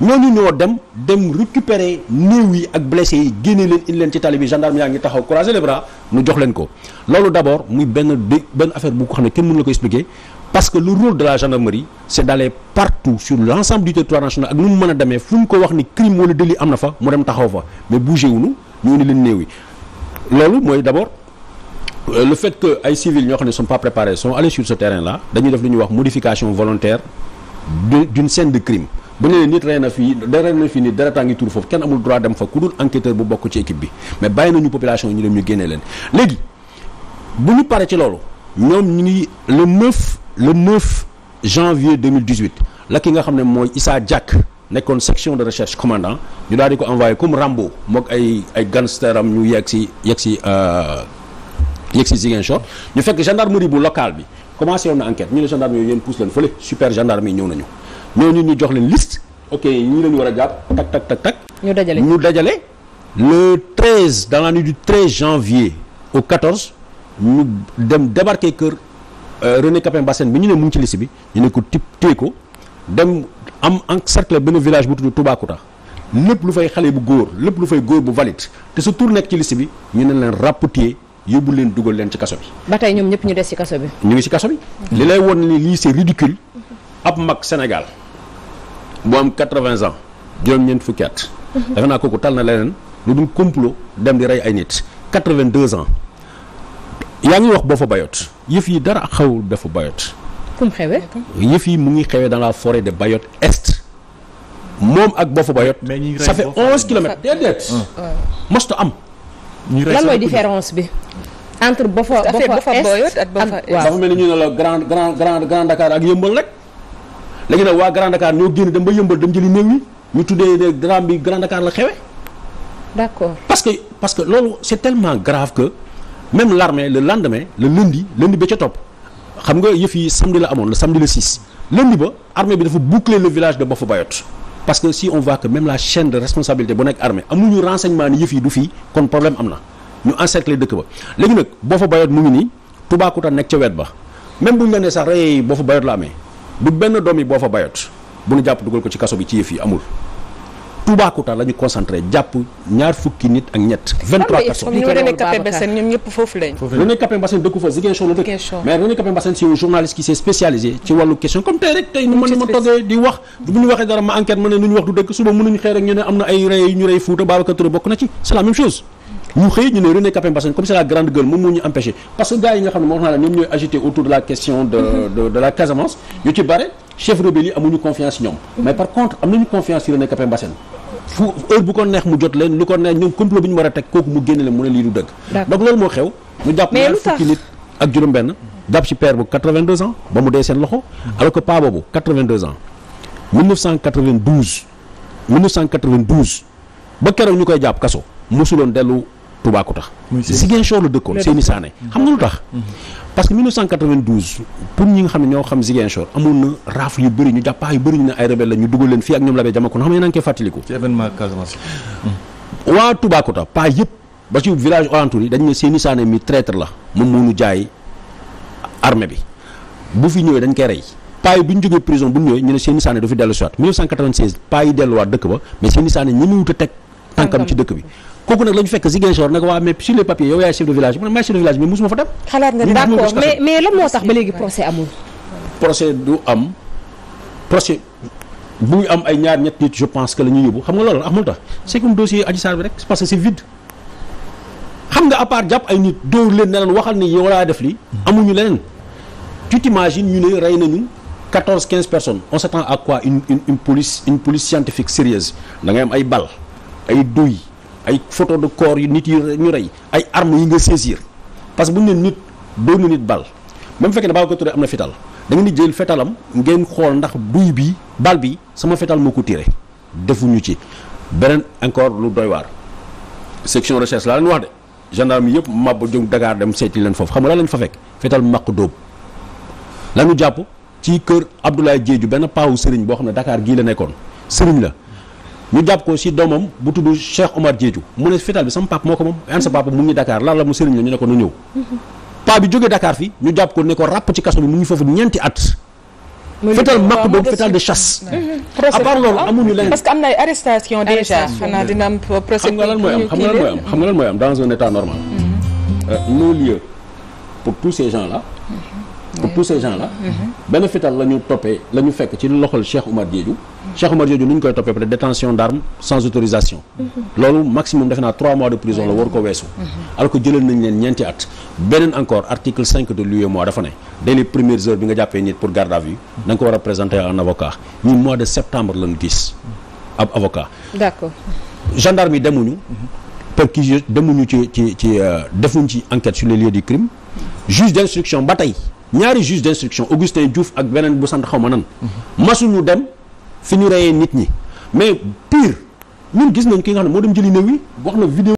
ñoo dem dem récupérer néew yi ak blessé yi génne leen indi leen ci tali bi gendarme yaa ngi taxaw croiser les bras nu jox leen ko loolu d'abord muy benn benn affaire bu ko xam ne kenn mënu la ko expliquer parce que le rôle de la gendarmerie c'est d'aller partout sur l'ensemble du territoire national ak nu mu mën a demee fu ñu ko wax ni crime wala délit am na fa mu leen néew yi loolu mooy d'abord Euh, le fait que ay civils ñoo xam ne sont pas préparés sont allés sur ce terrain là dañuy def lu ñuy wax modification volontaire d'une scène de crime bu ñu nee nit rey na fii rey na fii nit deretaa ngi tuur foofu kenn amul droit dem fa ku dul enquêteur bu bokk ci équipe bi mais bàyyi nañu population yi ñu dem ñu génnee leen léegi bu ñu paree ci loolu ñoom ñu ngi le 9 le 9 janvier 2018 la ki nga xam ne mooy Issa Diack nekkoon section de recherche commandant ñu daal de ko envoyé comme Rambo moog ay ay gangsteram ñu yegg si yegg si. Euh, yegg si Ziguinchor ñu fekk gendarmerie bu locale bi commencé on na enquête ñu ne gendarme yooyu yéen pousse leen fële super gendarme ñëw nañu ñooñu ñu jox leen liste ok ñii la ñu war a jàpp tak tak tak tak. ñu dajale ñu dajale le 13 dans la nuit du 13 janvier au 14 ñu dem débarquer kër euh, René Capin Bassène bi ñu ne mu ci liste bi ñu ne ko tip téye ko dem am encercler benn village bu tudd Toubacouta lépp lu fay xale bu góor lépp lu fay góor bu valide te sa tur nekk ci liste bi ñu ne leen rapatrier. yóbbu leen dugal leen ci kaso bi. ba tey ñoom ñëpp ñu des ci kaso bi. ñu ngi ci kaso bi. li lay won ni lii c'est ridicule ab mag Sénégal bu am quatre-vingts ans juróom-ñeent fukki at. defe naa kooku tal na leneen lu dul complot dem di rey ay nit quatre-vingt-deux yaa ngi wax boo fa bayoot yëf yi dara xawul dafa bayoot. kum xewee. yëf yi mu ngi xewee dans fore de Bayotte Est. moom ak Boffa Bayotte. mais ça fait onze kilomètres déedéet. Ah. mosta am. ñu lan mooy différence bi. entre Bofa Bofa Est ak dafa ni ñu ne la grand grand grand grand ak yëmbal rek. léegi nag waa Grand Dakar ñoo génn dem ba yëmbal dem jëli néew yi ñu tuddee ne drame bi Grand Dakar la xewe parce que parce que loolu c'est tellement grave que même l'armée le lendemain le lundi lundi ba ca topp xam nga yëf yi samedi la amoon le samedi le 6 lundi ba armée bi dafa boucler le village de Bofa Bayotte. parce que si on voit que la chaîne de responsabilité bu nekk armée amuñu renseignement ni yëf yi du fii kon problème am na ñu encercler dëkk ba léegi nag boo fa bayoot mu ngi nii Toubacouta nekk ca wet ba même bu ñu la nee sax rey boo fa bayoot la amee du benn doom yi boo fa bayoot bu ñu jàpp dugal ko ci kaso bi ci yëf yi amul Toubacouta la ñu concentré jàpp ñaar fukki nit ak ñett. 23 personnes ñu ñoom ñëpp foofu lañ. René Cappé dëkk. mais René Cappé Bassène c'est journaliste qui s'est spécialisé ci wàllu question comme tey rek tey nu mën ma toggee di wax bu ñu waxee dara ma enquête ma ne nu ñu wax du dëkk suba mënuñu xëy rek ñu ne am na ay rey ñu rey Fouta Babacar Touré bokk na ci c'est la chose. ñu xëy ñu ne René Capain comme c'est grande gueule moom fu heure bu ko neex mu jot leen lu ko neex ñoom complot bi ñu war a teg kooku mu génne leen mu ne lii du dëgg donc loolu moo xew ñu jàpp ñaar fukki nit ak juróom benn jàpp ci père bu 82 ans ba mu dee seen loxo alors que paa boobu 82 ans 1992 1992 ba keroog ñu koy jàpp kaso mosuloon dellu Toubacouta. muy Ziguinchor la dëkkoon Seyni Sané xam nga lu tax. Mhm. parce que pour ñi nga xam ne ñoo xam Ziguinchor amoon na rafle yu bëri ñu jàppaa yu bëri ñu ne ay rebelle la ñu dugal leen fii ak ñoom la bay jama ko xam ne naa ngi koy fàttaliku. Hmm. waa Toubacouta pas yëpp ba ci village alentour dañ ne Seyni Sané mi traître la moom moo ñu jaay armée bi bu fi ñëwee dañ koy rey. paa yi jógee prison bu ñëwee ñu ne Seyni du fi dellu si waat yi delluwaat a teg bi kooku nag la ñu fekk Ziguinchor nag waa mais sur les papiers yow yaay chef de village mu ne maay chef de village mais musuma fa dem. xalaat nga d'accord mais mais lan moo tax ba léegi procès amul. procès du am procès bu ñu am ay ñaar ñett nit je pense que la ñuy yóbbu xam nga loolu amul tax c'est comme dossier Adji Sarr bi rek parce que c'est vide. xam nga à part jàpp ay nit dóor leen ne leen waxal ni yow laa def li amuñu leneen tu t'imagines ñu ne rey nañu quatorze quinze personnes on s'attend à quoi une une une police une police scientifique sérieuse da ngay am ay bal ay douille ay photo de corps yu nit yi ñu rey ay armes yi nga saisir parce que bu ñu ne nit dóor na nit bal même fekkee ne Babacar Touré am na fetal da ngeen di jël fetalam ngeen xool ndax buy bi bal bi sama fetal moo ko tiré defuñu ci beneen encore lu doy waar section recherche laa leen wax de gendarme yëpp mabba jóg Dakar dem seeti leen foofu xam nga lan lañ fa fekk fetal maq dóob lañu jàpp ci kër Abdoulaye Diédhiou benn paawu sëriñ boo xam ne dakaar gii la nekkoon sëriñ la ñu jàpp ko si doomam bu tudd Cheikh Omar Diédhiou mu ne fetal bi sama papa moo ko moom sa papa mu ngi Dakar lan la mu sëriñ la ñu ne ko nu ñëw paa bi jógee Dakar fi ñu jàpp ko ne ko ràpp ci kaso bi mu ngi foofu ñeenti at fetal makk doon fetal de chasse mm-hmm. à loolu amuñu leneen parce xam nga lan mooy am xam nga lan mooy am xam nga lan mooy am dans un état normal mm-hmm. euh, nos lieux pour tous ces gens là mm-hmm. benn fetal la ñu toppee la ñu fekk ci loxol Cheikh Omar Diédhiou Cheikh Omar Diédhiou ni ñu koy toppee peut-être détention d'armes sans autorisation loolu maximum defe naa 3 mois de prison la war ko weesu alors que jëlal nañ leen ñeenti at beneen encore article 5 de l'UEMOA dafa ne dès les premières heures bi nga jàppee nit pour garde à vue da ko war a présenter un avocat ñun mois de septembre lañu gis ab avocat d'accord gendarme yi demuñu perquisition demuñu ci ci ci euh, defuñ ci enquête sur les lieux du crime juge d'instruction ba tey ñaari juge d'instruction Augustin Diouf ak beneen sant xaw ma nan masuñu dem fi ñu reyee nit ñi mais pire ñun gis nañ kii nga xam ne moo dem jëli néew yi wax na vidéo